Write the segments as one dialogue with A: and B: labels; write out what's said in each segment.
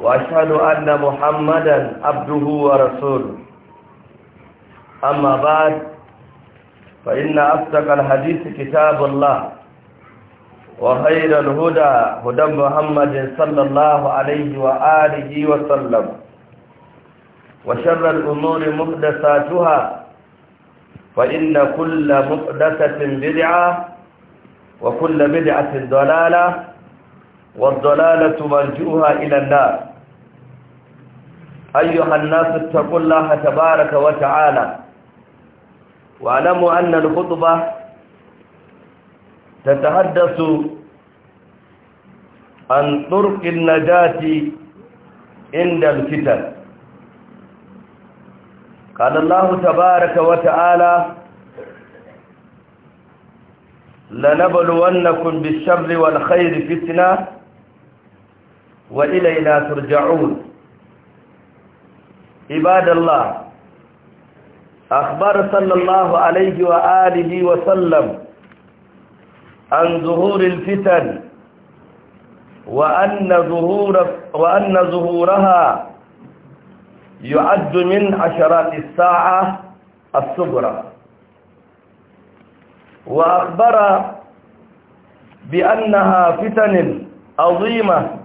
A: وأشهد أن محمدا عبده ورسوله أما بعد فإن أصدق الحديث كتاب الله وخير الهدى هدى محمد صلى الله عليه وآله وسلم وشر الأمور محدثاتها فإن كل محدثة بدعة وكل بدعة ضلالة والضلالة مرجوها إلى النار أيها الناس اتقوا الله تبارك وتعالى واعلموا أن الخطبة تتحدث عن طرق النجاة عند الفتن قال الله تبارك وتعالى لنبلونكم بالشر والخير فتنة وإلينا ترجعون عباد الله أخبر صلى الله عليه وآله وسلم عن ظهور الفتن وأن ظهور وأن ظهورها يعد من عشرات الساعة الصغرى وأخبر بأنها فتن عظيمة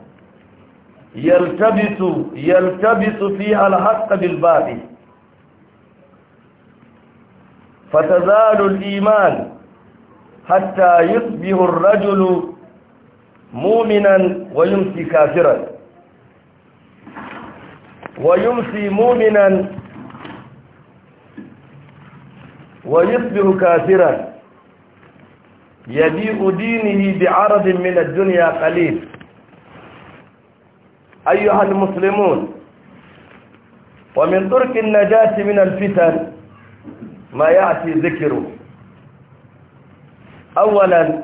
A: يلتبس يلتبس فيها الحق بالباطل فتزال الإيمان حتى يصبح الرجل مؤمنا ويمسي كافرا ويمسي مؤمنا ويصبح كافرا يبيع دينه بعرض من الدنيا قليل أيها المسلمون ومن طرق النجاة من الفتن ما يأتي ذكره أولا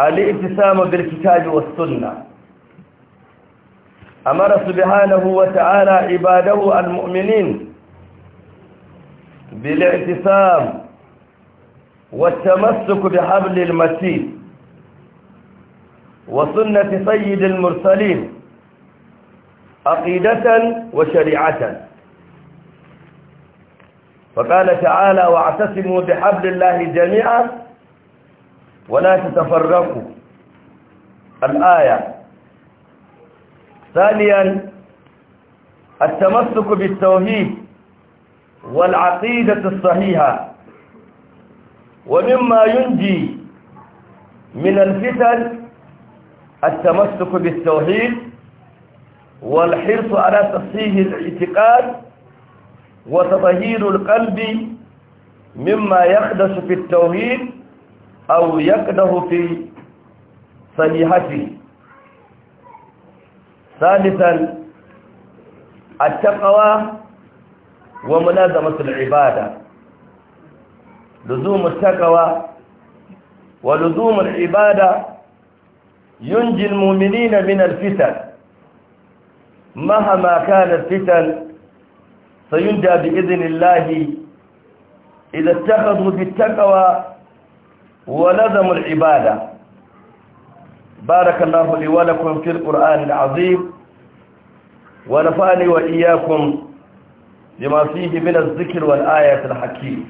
A: الاتسام بالكتاب والسنة أمر سبحانه وتعالى عباده المؤمنين بالاعتصام والتمسك بحبل المسيح وسنة سيد المرسلين عقيدة وشريعة فقال تعالى واعتصموا بحبل الله جميعا ولا تتفرقوا الآية ثانيا التمسك بالتوحيد والعقيدة الصحيحة ومما ينجي من الفتن التمسك بالتوحيد والحرص على تصحيح الاعتقاد وتطهير القلب مما يقدس في التوحيد أو يقده في صنيحته ثالثا التقوى وملازمة العبادة لزوم التقوى ولزوم العبادة ينجي المؤمنين من الفتن مهما كانت فتن سينجى بإذن الله إذا اتخذوا بالتقوى ولزموا العبادة بارك الله لي ولكم في القرآن العظيم ونفعني وإياكم لما فيه من الذكر والآية الحكيم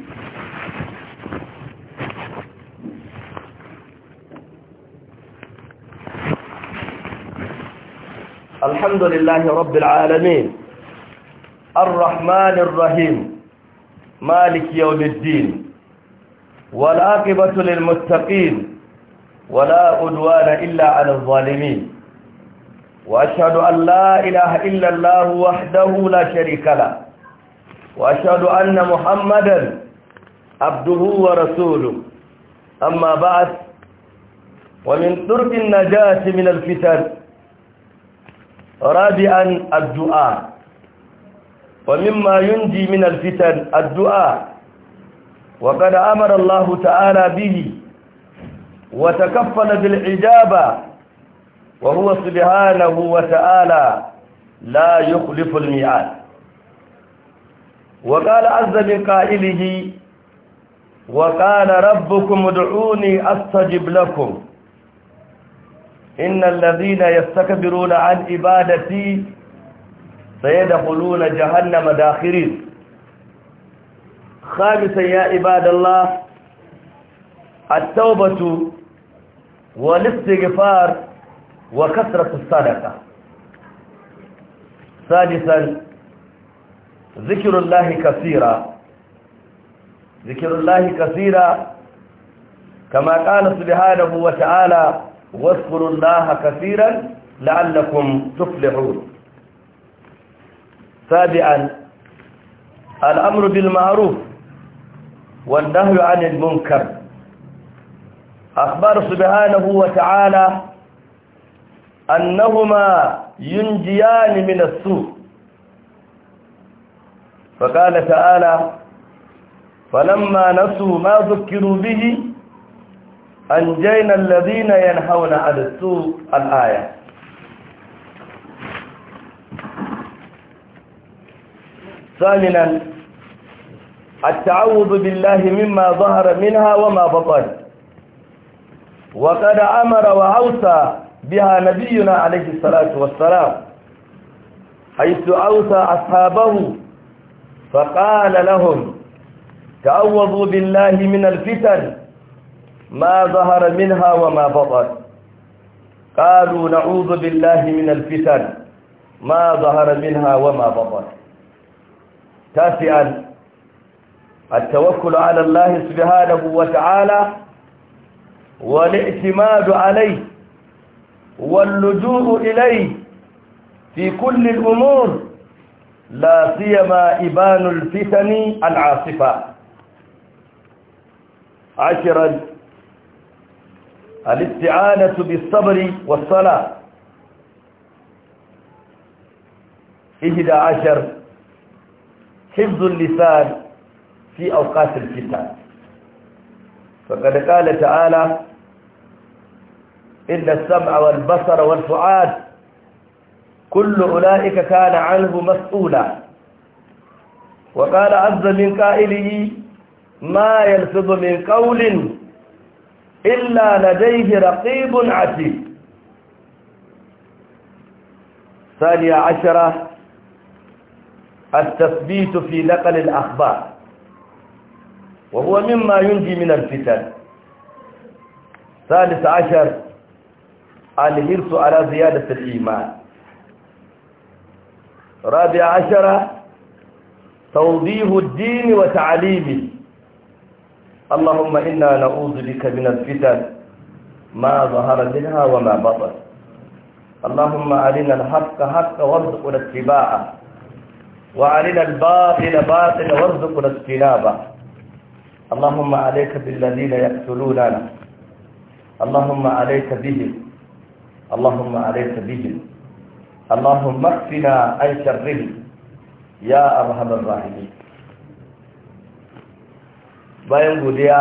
A: الحمد لله رب العالمين الرحمن الرحيم مالك يوم الدين والعاقبة للمتقين ولا أدوان إلا على الظالمين وأشهد أن لا إله إلا الله وحده لا شريك له وأشهد أن محمدا عبده ورسوله أما بعد ومن طرق النجاة من الفتن رابعا الدعاء ومما ينجي من الفتن الدعاء وقد أمر الله تعالى به وتكفل بالعجابة وهو سبحانه وتعالى لا يخلف الميعاد وقال عز من قائله وقال ربكم ادعوني أستجب لكم إن الذين يستكبرون عن عبادتي سيدخلون جهنم داخرين خامسا يا عباد الله التوبة والاستغفار وكثرة الصدقة سادسا ذكر الله كثيرا ذكر الله كثيرا كما قال سبحانه وتعالى واذكروا الله كثيرا لعلكم تفلحون سابعا الأمر بالمعروف والنهي عن المنكر أخبر سبحانه وتعالى أنهما ينجيان من السوء فقال تعالى فلما نسوا ما ذكروا به anjayna alladhina yanhauna 'ala as-su' al-aya thaninan at-ta'awudhu billahi mimma dhahara minha wa ma batan wa qad amara wa awsa biha nabiyyuna 'alayhi salatu wassalam haythu awsa ashabahu فقال لهم تعوذوا بالله من الفتن ما ظهر منها وما بطن قالوا نعوذ بالله من الفتن ما ظهر منها وما بطن تاسعا التوكل على الله سبحانه وتعالى والاعتماد عليه واللجوء إليه في كل الأمور لا سيما إبان الفتن العاصفة عشرا al-isti'anatu bis-sabri was-sala 11 حفظ اللسان في أوقات الفتن فقد قال تعالى إن السمع والبصر والفعاد كل أولئك كان عنه مسؤولا وقال عز من قائله ما يلفظ من قول إلا لديه رقيب عتيد ثانية عشرة التثبيت في نقل الأخبار وهو مما ينجي من الفتن ثالث عشر الهرس على زيادة الإيمان رابع عشر توضيح الدين وتعليمه اللهم إنا نعوذ بك من الفتن ما ظهر منها وما بطن اللهم أرنا الحق حقا وارزقنا اتباعه وأرنا الباطل باطلا وارزقنا اجتنابه اللهم عليك بالذين يقتلوننا اللهم عليك بهم اللهم عليك بهم اللهم اكفنا عن شرهم يا أرحم الراحمين bayan godiya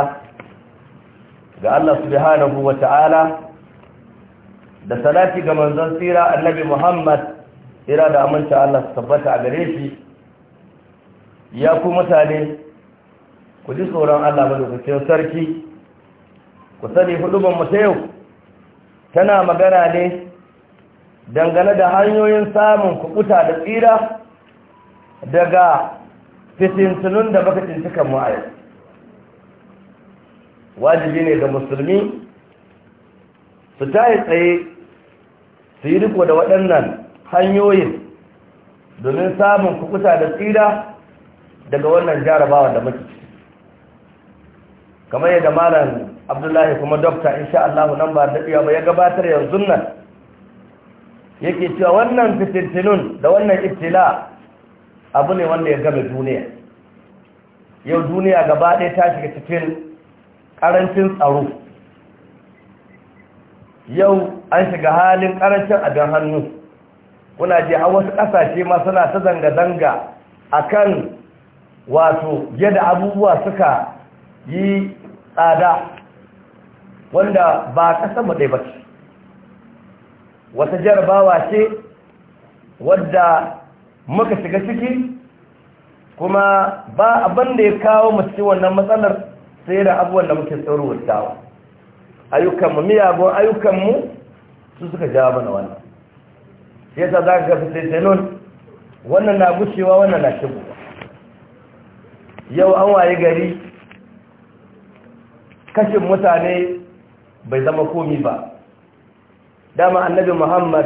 A: ga Allah subhanahu wa ta'ala da salati ga manzon tsira annabi Muhammad ira da aminta Allah su tabbata a gare shi ya ku mutane ku ji tsoron Allah madaukakin sarki ku sani huduban mu ta yau tana magana ne dangane da hanyoyin samun kukuta da tsira daga fitintunun da baka tintukan mu a wajibi ne da musulmi su tayi tsaye su yi riko da waɗannan hanyoyin domin samun kukuta da tsira daga wannan jarabawa da muke kamar yadda malam abdullahi kuma dokta insha Allah nan ba biya ba ya gabatar yanzu nan yake cewa wannan fitintinun da wannan ibtila abu ne wanda ya game duniya yau duniya gaba ɗaya ta shiga cikin ƙarancin tsaro yau an shiga halin ƙarancin abin hannu kuna ji a wasu ƙasashe ma suna ta zanga-zanga a kan wato yadda abubuwa suka yi tsada wanda ba ƙasa maɗai ba wata jarabawa ce wadda muka shiga ciki kuma ba abin da ya kawo mace wannan matsalar sai da abuwan da muke tsorowar ayyukanmu miyagun ayyukanmu su suka jawo mana wannan shi yasa za ka sai taitanon wannan na gushewa wannan na shigo. yau an waye gari kashin mutane bai zama komi ba dama annabi muhammad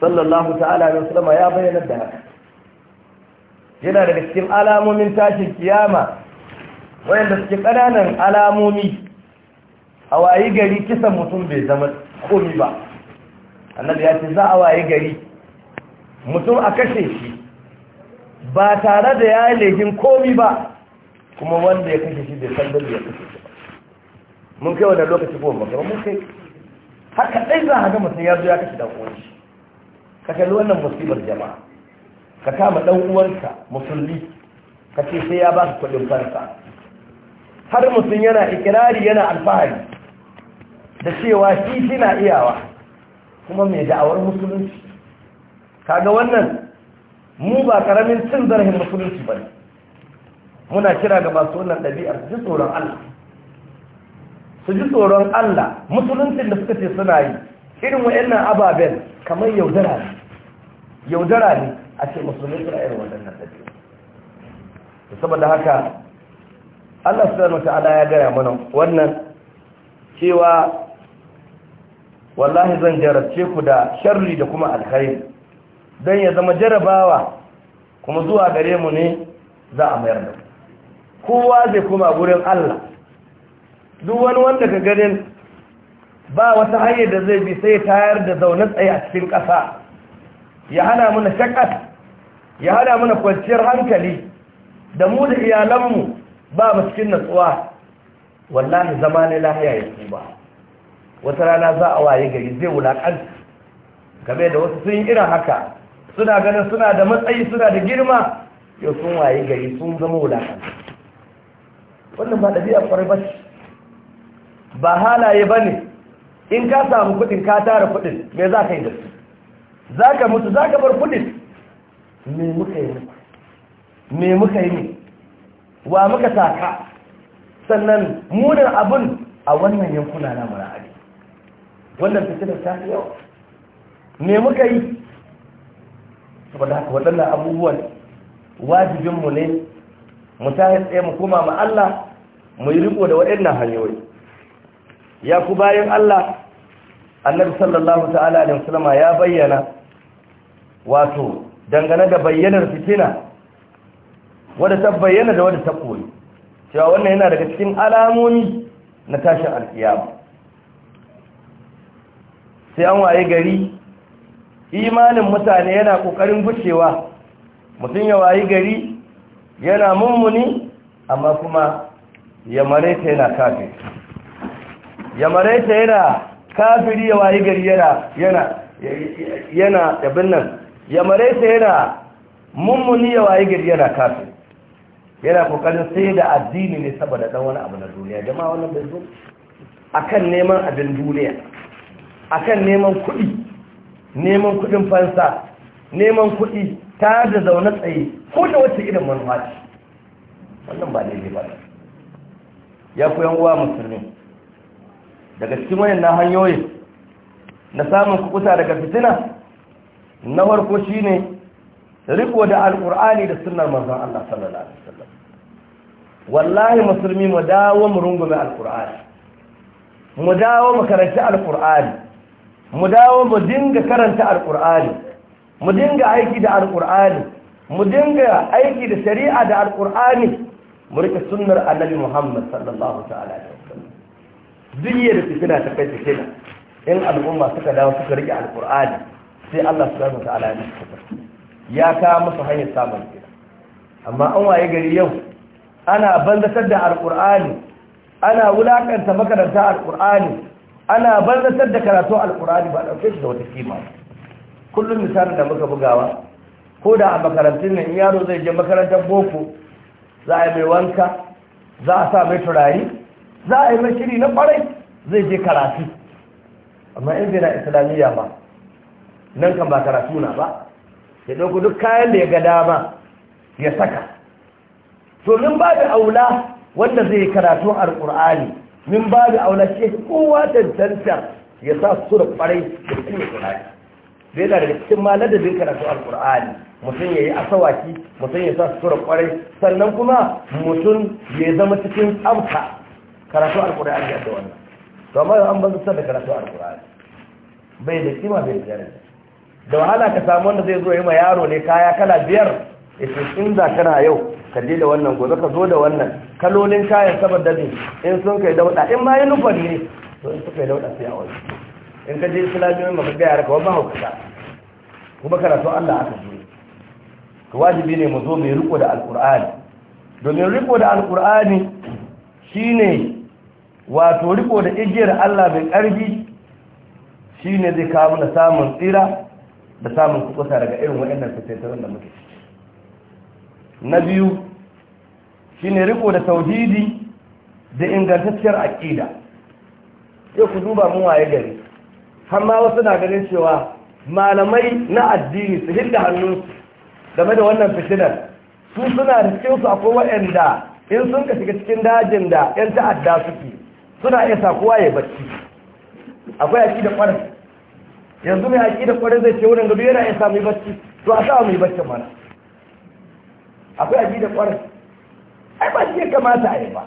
A: sallallahu ta'ala wa musulama ya bayyana da haka yana daga cikin alamomin tashin kiyama wayanda suke ƙananan alamomi a wayi gari kisan mutum bai zama komi ba annabi ya ce za a wayi gari mutum a kashe shi ba tare da ya lehin komi ba kuma wanda ya kashe shi bai san da ya kashe shi ba mun kai wannan lokaci ko ba mun kai haka dai za a ga mutum ya zo ya kashe dan uwan shi ka kalli wannan musibar jama'a ka kama dan uwanka musulmi ka ce sai ya ba ka kuɗin fansa har mutum yana ikirari yana alfahari da cewa shi suna iyawa kuma mai da'awar musulunci kaga wannan mu ba karamin cin zarafin musulunci ba muna kira ga masu wannan ɗabi'ar ji tsoron Allah su ji tsoron Allah musuluncin da suka ce suna yi irin wa'annan ababen kamar yaudara ne yaudara ne a ce musulunci a irin wannan ɗabi'ar saboda haka Allah subhanahu wata'ala ya gaya mana wannan cewa wallahi zan jarabce ku da sharri da kuma alkhairi don ya zama jarabawa kuma zuwa gare mu ne za a mayar da kowa zai kuma gurin Allah duk wani wanda ka ganin ba wata hanyar da zai bi sai tayar da zaune tsaye a cikin ƙasa ya hana mana shakas ya hana mana kwanciyar hankali da mu da iyalanmu ba mu cikin natsuwa wallahi zama ne lahiya ya ba wata rana za a waye gari zai wulaƙanta game da wasu sun yi irin haka suna ganin suna da matsayi suna da girma yau sun waye gari sun zama wulaƙanta wannan ba ɗabi'a kwarai ba ba halaye ba ne in ka samu kuɗin ka tara kuɗin me za ka yi da su za ka mutu za ka bar kuɗin me muka yi me muka yi wa muka taka sannan munin abin a wannan yankuna na mura'ari wannan fitilar ta fi yawa muka yi saboda haka waɗannan abubuwan wajibinmu ne mu ta tsaye mu koma ma Allah mu yi riko da waɗannan hanyoyi ya ku bayan Allah annabi sallallahu ta'ala alaihi ya bayyana wato dangane da bayyanar fitina wadda ta bayyana da wadda ta koyi cewa wannan yana daga cikin alamomi na tashin alkiyama sai an waye gari imanin mutane yana kokarin gushewa mutum ya waye gari yana mummuni amma kuma ya mareta yana kafiri ya mareta yana kafiri ya waye gari yana yana yana abin nan ya mareta yana mummuni ya waye gari yana kafiri yana kokarin sai da addini ne saboda dan wani abu na duniya jama'a wannan bai zo akan neman abin duniya akan neman kuɗi neman kuɗin fansa neman kuɗi ta da zaune tsaye ko da wacce irin manufa ce wannan ba ne ba ya ku yan uwa musulmi daga cikin wayannan hanyoyi na samun kukuta daga fitina na farko shine riko da alqur'ani da sunnar manzon Allah sallallahu alaihi wallahi musulmi mu dawo mu rungume alkur'ani mu dawo mu karanta alkur'ani mu dawo mu dinga karanta alkur'ani mu dinga aiki da alkur'ani mu dinga aiki da shari'a da alkur'ani mu rika sunnar annabi muhammad sallallahu ta'ala alaihi wasallam da fitina ta kai fitina in al'umma suka dawo suka rike alkur'ani sai Allah subhanahu wa ta'ala ya ya ka musu hanyar samun gida amma an waye gari yau ana banzatar da alkur'ani ana wulaƙanta makaranta alkur'ani ana banzatar da karatu alkur'ani ba ɗauke shi da wata kima kullum misalin da muka bugawa ko da a makarantun nan yaro zai je makarantar boko za a yi mai wanka za a sa mai turari za a yi mai shiri na kwarai, zai je karatu amma in na islamiyya ba nan kan ba karatu na ba ya ɗauko duk kayan da ya ga dama ya saka to min ba da aula wanda zai karatu alkur'ani min ba da aula ce kowa tantantar ya sa su da kwarai da cikin ya tunani zai na daga cikin ma ladabin karatu alkur'ani mutum ya yi asawaki mutum ya sa da kwarai sannan kuma mutum ya zama cikin amsa karatu alkur'ani ya da wannan to amma an ban zuwa da karatu alkur'ani bai da kima bai da daraja da wahala ka samu wanda zai zo yi ma yaro ne kaya kala biyar ya ce in za kana yau ka je da wannan gobe ka zo da wannan kalolin kayan saboda ne in sun kai dauda in ma nufar ne to in suka yi dauda sai a wani in ka je islamiyoyin ka gaya raka wani hauka kuma karatu allah aka zo ka wajibi ne mu zo mai riko da alkur'ani domin riko da alkur'ani shine wato riko da igiyar allah mai karfi shine zai kawo da samun tsira da samun kukusa daga irin waɗannan fitattun da muke ciki na biyu shi ne riko da tauhidi da ingantacciyar aƙida sai ku duba mu waye gari har wasu na ganin cewa malamai na addini su hidda hannunsu game da wannan fitinar su suna da cikinsu akwai waɗanda in sun ka shiga cikin dajin da 'yan ta'adda suke suna iya sakuwa ya bacci akwai aƙi da ƙwarar yanzu mai aƙi da ƙwarar zai ce wurin gudu yana iya sami bacci to a sa mai barci mana akwai aji da kwarai ai ba shi ya kamata a yi ba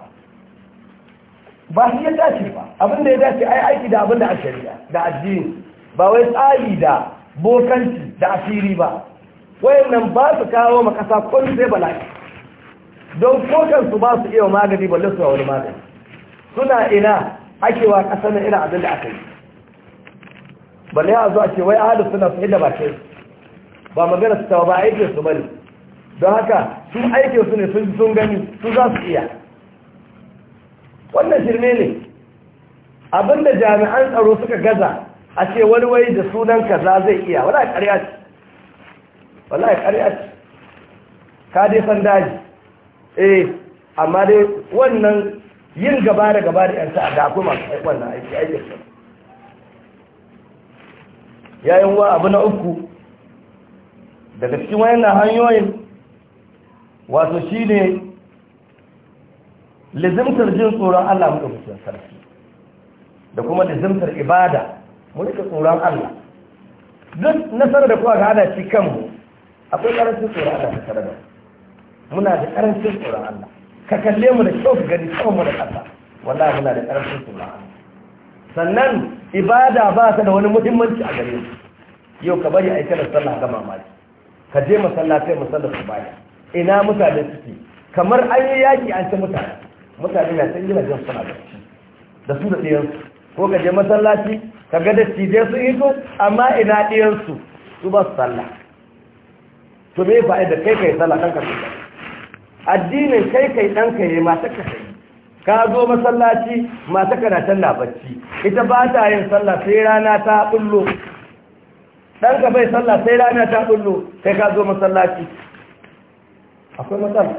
A: ba shi ya dace ba abin da ya dace ai aiki da abin da a shari'a da addini ba wai tsari da bokanci da asiri ba wayannan ba su kawo ma kasa kun sai bala'i don kokan ba su iya magani balle su wani magani suna ina ake wa kasa na ina abin aka yi balle ya zo a ce wai ahadu suna su ba ke? ba magana su tawa ba aikin su bane don haka sun aike su ne sun gani su za su iya wannan shirme ne abinda jami'an tsaro suka gaza a ce wani wai da sunan kaza zai iya wala ƙarya ce wala ƙarya ce ka dai san daji eh amma dai wannan yin gaba da gaba da yanta da akwai masu wannan aiki aiki yayin wa abu na uku daga cikin wayan hanyoyin wato shi ne lizimtar jin tsoron Allah muka mutum sarki da kuma lizimtar ibada muka tsoron Allah duk nasarar da kuwa gada shi kanmu akwai ƙarancin tsoron Allah da sarada muna da ƙarancin tsoron Allah ka kalle mu da kyau ka gani tsawon mu da ƙasa wallahi muna da ƙarancin tsoron Allah sannan ibada ba ta da wani muhimmanci a gare mu yau ka bari a yi sallah ga mamaki ka je masallatai musallar su baya ina mutane suke kamar an yi yaƙi an ci mutane mutane na san jan suna barci da su da ɗiyansu ko ka je masallaci ka ga dattijai su ito amma ina ɗiyansu su ba su sallah to me da kai kai sallah ɗan ka addinin kai kai ɗan ka yi mata ka sai ka zo masallaci mata kana na bacci ita ba ta yin sallah sai rana ta bullo ɗan ka bai sallah sai rana ta bullo sai ka zo masallaci akwai matsala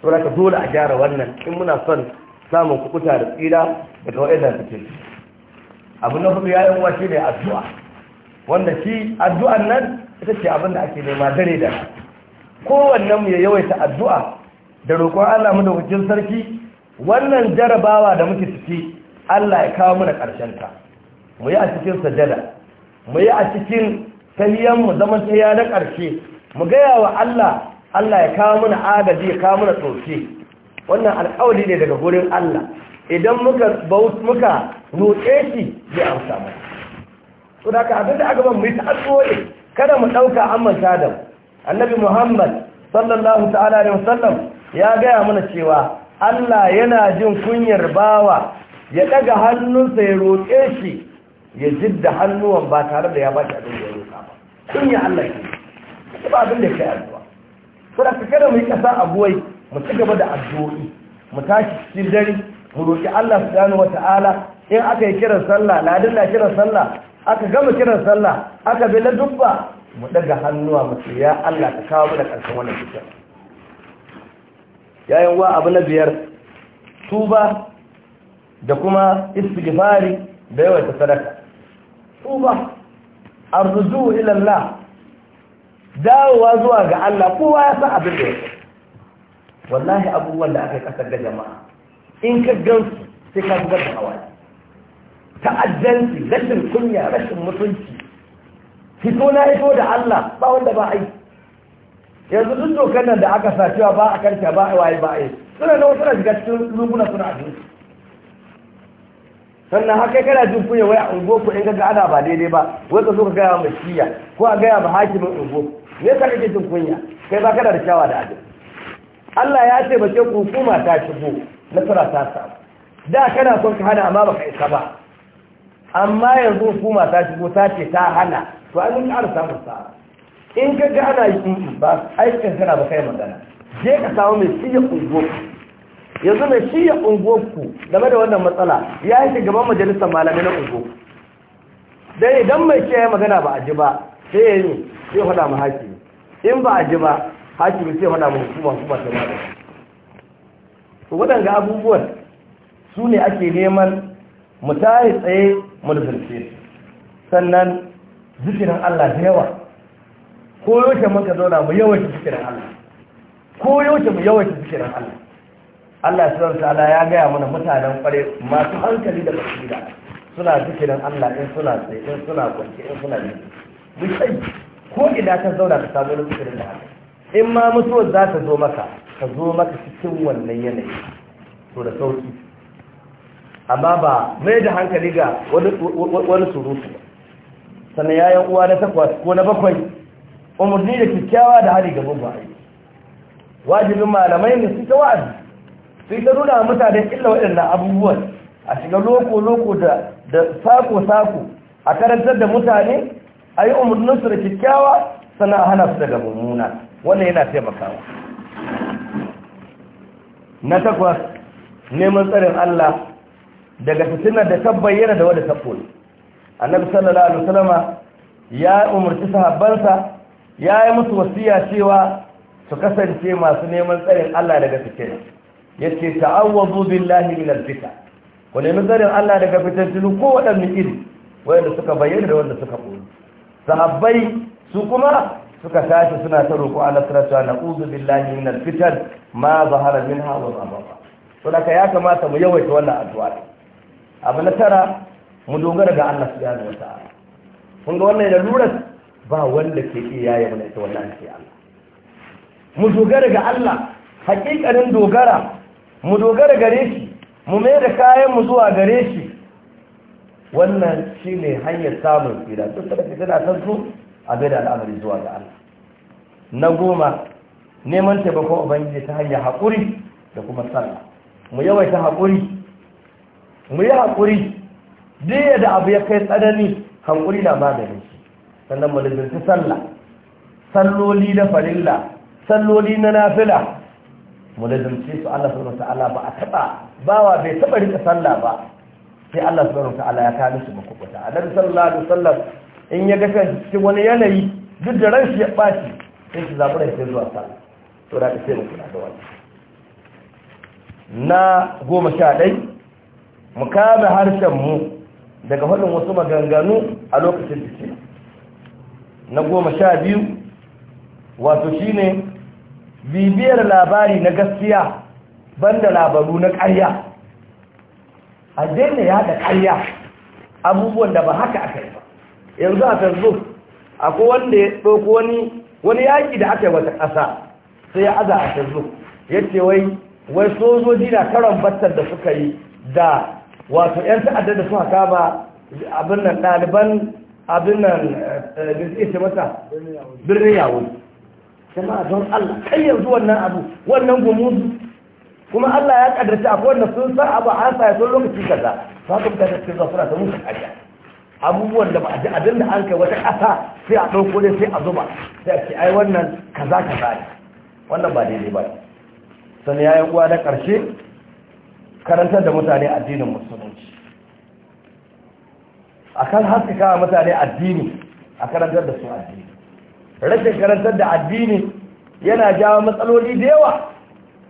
A: to da ka da a gyara wannan in muna son samun kukuta da tsira daga waɗanda suke abu na hudu yayin wa ne addu'a wanda shi addu'an nan ita ce abin da ake nema dare da kowanne mu ya yawaita addu'a da roƙon Allah mu da hujjin sarki wannan jarabawa da muke ciki Allah ya kawo mana ƙarshen ta mu yi a cikin sajada mu yi a cikin tahiyan mu zaman ya na ƙarshe mu gaya wa Allah Allah ya kawo mana agaji ya kawo mana tsoke wannan alƙawari ne daga gurin Allah idan muka muka roƙe shi zai amsa mana to da ka abin da aka ban mu yi tsoye kada mu ɗauka an manta da annabi Muhammad sallallahu ta'ala alaihi wasallam ya gaya mana cewa Allah yana jin kunyar bawa ya daga hannunsa ya roƙe shi ya jidda hannuwan ba tare da ya baki abin da ya roƙa ba kunya Allah ke ba abin da kai addu'a saboda ka kada mu yi kasa a buwai mu ci gaba da addu'o'i mu tashi cikin dare mu roki Allah subhanahu wata'ala in aka yi kiran sallah ladin na kiran sallah aka gama kiran sallah aka bi na dubba mu daga hannuwa mu ce ya Allah ka kawo mana karshen wannan fitar yayin wa abu na biyar tuba da kuma istighfari da yawan sadaka tuba arzuju ila Allah dawowa zuwa ga Allah kowa ya san abin da ya wallahi abubuwan da aka yi kasar da jama'a in ka gansu sai ka zubar da hawaye ta'addanci rashin kunya rashin mutunci fito na fito da Allah ba wanda ba aiki. yanzu duk dokar nan da aka sa cewa ba a karshe ba a waye ba a yi suna nan suna shiga cikin lunguna suna abinci sannan haka kana jin kunya wai a ku in kaga ana ba daidai ba wai ka zo ka gaya ma shiya ko a gaya ma hakimin ungoku me yasa kake jin kunya kai ba kana da shawa da abin Allah ya ce bace hukuma ta shigo nasara ta samu da kana son ka hana amma baka isa ba amma yanzu hukuma ta shigo ta ce ta hana to an ka arsa mu sa in kaga ana yi ba aikin kana ba kai magana je ka samu mai shiya ungoku yanzu mai shi ya unguwarku game da wannan matsala ya yi gaban majalisar malamai na ungo don idan mai shi ya magana ba a ji ba sai ya yi sai hada mu haki in ba a ji ba mai sai hada mu hukuma hukuma ta ma su waɗanda abubuwan su ne ake neman mu tayi tsaye mu nufirce sannan zikirin Allah da yawa ko yaushe muka zauna mu yawaita zikirin Allah ko yaushe mu yawaita zikirin Allah Allah subhanahu ta'ala ya gaya mana mutanen kware masu hankali da basira suna zikirin Allah in suna tsaye in suna kwanci in suna yi bisai ko ina ka zauna ka samu wani zikirin da haka in ma mutuwar za ta zo maka ka zo maka cikin wannan yanayi to da sauki amma ba mai da hankali ga wani surutu ba sannan yayan uwa na takwas ko na bakwai umarni da kyakkyawa da hari gaban ba wajibin malamai ne suka wa'azi sai ta nuna mutane illa waɗannan abubuwan a shiga loko-loko da sako-sako a karantar da mutane a yi umarninsu da kyakkyawa sana hana su daga mummuna wannan yana taimakawa na takwas neman tsarin Allah daga fitinar da ta bayyana da wadda ta A annabi sallallahu alaihi wasallama ya umarci sahabbansa ya yi musu wasiya cewa su kasance masu neman tsarin Allah daga fitina yace ta'awwazu billahi min al-fitan ko ne Allah daga fitantunu ko wadanne iri wanda suka bayyana da wanda suka koyi sahabbai su kuma suka tashi suna ta roƙo Allah subhanahu wa na'udhu billahi min al-fitan ma zahara minha wa ma bata to da ya kamata mu yawaita wannan addu'a abu na tara mu dogara ga Allah subhanahu wa ta'ala kun ga wannan da lura ba wanda ke iya yaya mana ita wannan ake Allah mu dogara ga Allah hakikanin dogara mu dogara gare shi mu mai da kayan mu zuwa gare shi wannan shi ne hanyar samun tsira duk da kake tana san su a bai da al'amari zuwa ga Allah na goma neman taimakon ubangiji ta hanyar haƙuri da kuma sallah mu yawaita haƙuri mu yi haƙuri duk da abu ya kai tsanani haƙuri na maganin shi sannan mu lizarci sallah salloli na farilla salloli na nafila mu lazumce su Allah subhanahu wataala ba a taba bawa bai taba rika sallah ba sai Allah subhanahu wataala ya kawo su makubuta annabi sallallahu alaihi wasallam in ya gasa cikin wani yanayi duk da ran shi ya baci sai shi zabura sai zuwa sallah to da sai mu kula da wani na goma sha ɗai mu kame harshen mu daga faɗin wasu maganganu a lokacin biki na goma sha biyu wato shine bibiyar labari na gaskiya banda labaru na ƙarya a daina da ƙarya abubuwan da ba haka aka yi ba yanzu a facebook akwai wanda ya ɗoko wani wani yaƙi da aka yi wata ƙasa sai ya aza a facebook ya ce wai wai sojoji na karon battar da suka yi da wato 'yan ta'adda da suka kama abin nan ɗaliban abin nan eh, eh, birnin yawon jama'a don Allah kai yanzu wannan abu wannan gumuzu kuma Allah ya kaddace akwai wanda sun san abu a sa sun lokaci kaza ba ka fita cikin zuwa suna ta musu kariya abubuwan da ba a ji abin da an kai wata ƙasa sai a ɗauko ne sai a zuba sai a ce ai wannan kaza kaza ne wannan ba daidai ba sannan ya yi uwa na ƙarshe karantar da mutane addinin musulunci a kan haskaka mutane addini a karantar da su addini rashin karantar da addini yana jawo matsaloli da yawa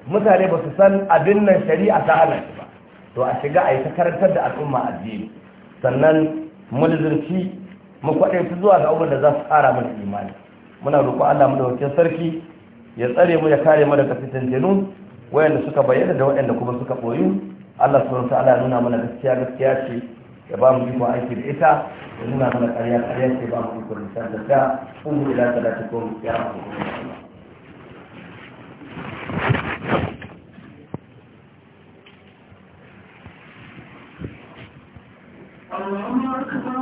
A: mutane ba su san abin nan shari'a ta hana ba to a shiga a yi ta karantar da al'umma addini sannan mulzurci mu kwaɗe su zuwa ga abin da za su ƙara mana imani muna roƙon Allah mu da wakil sarki ya tsare mu ya kare mu daga fitan jinu wayanda suka bayyana da wayanda kuma suka boyu Allah subhanahu wa ta'ala nuna mana gaskiya gaskiya ce ya ba mu iko aiki da ita ya nuna mana ƙarya ƙarya ce ba mu iko nisan da ta umu ila salatikum ya rabu Allahumma akbar